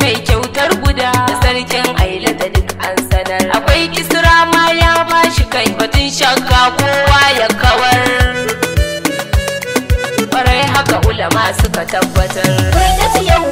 mai kyautar guda sarkin da duk an sanar akwai kisra ma ya bashi kai batun shakka kowa ya kawar kwarai haka ulama suka tabbatar yau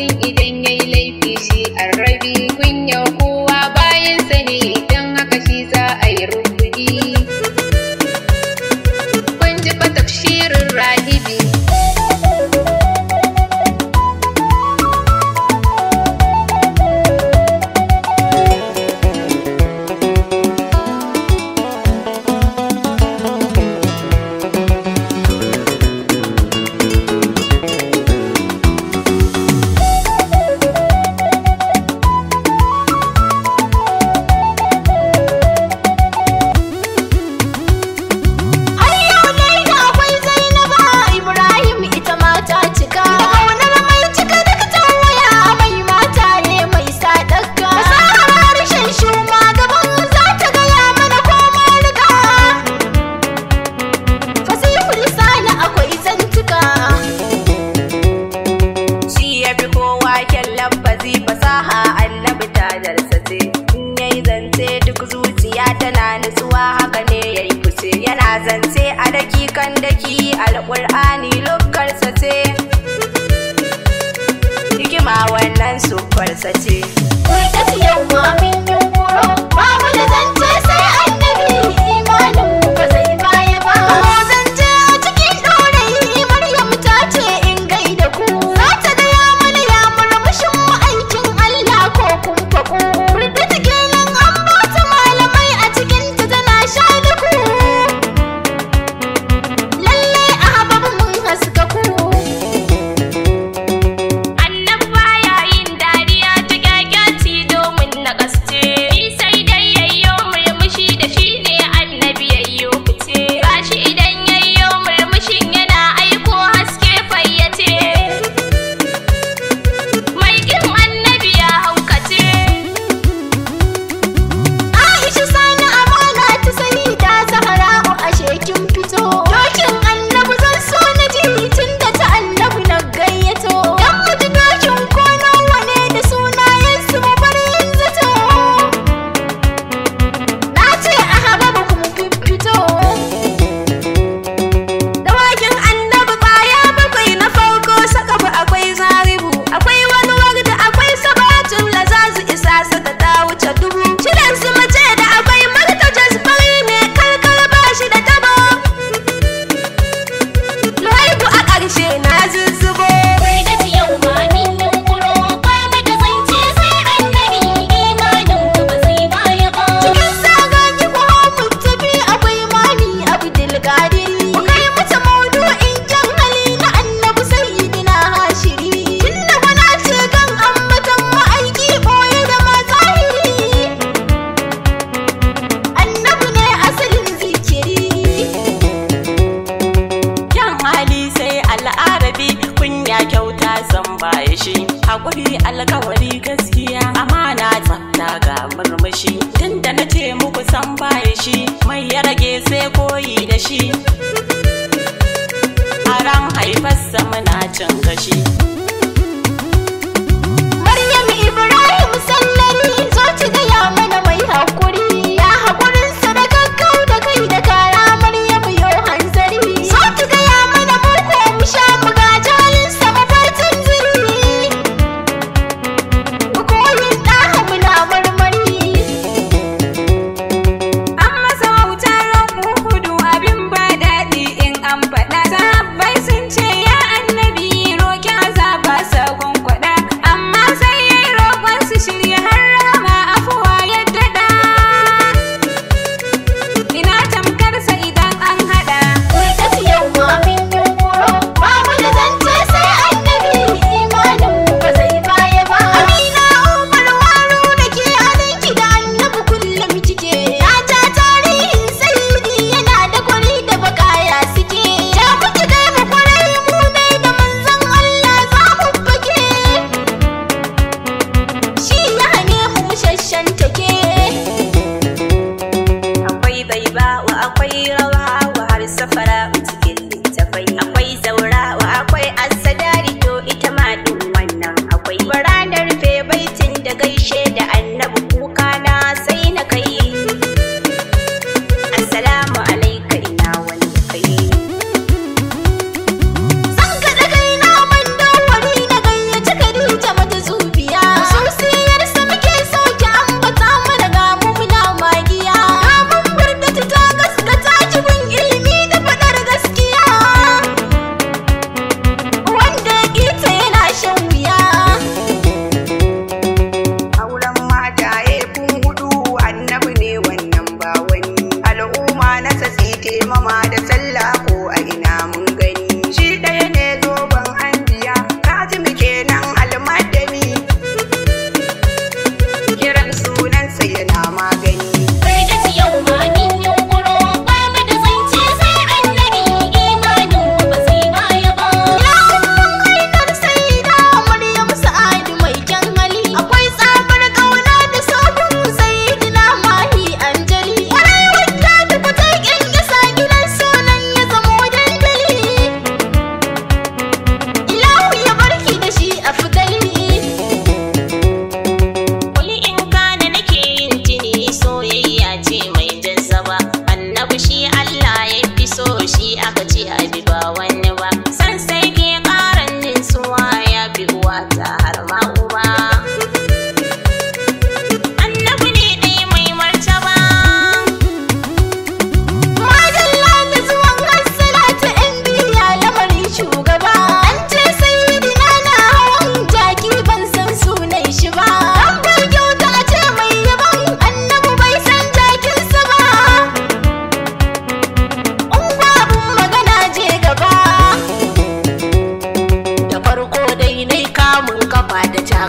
living it shi a ran haifarsa muna cin gashi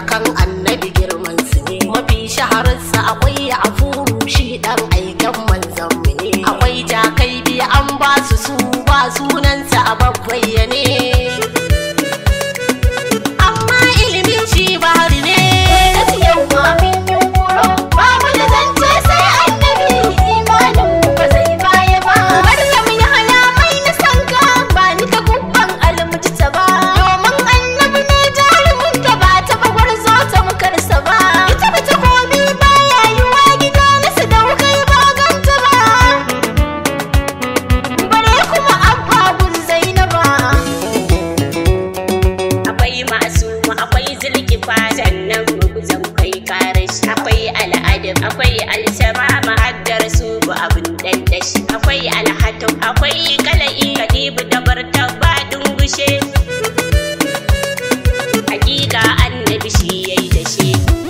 kan annabi girman su ne mafi shaharar sa akwai a abun akwai alhatu akwai kala'i e, kadibu da barta ba dungushe hakika annabi shi yayi dashi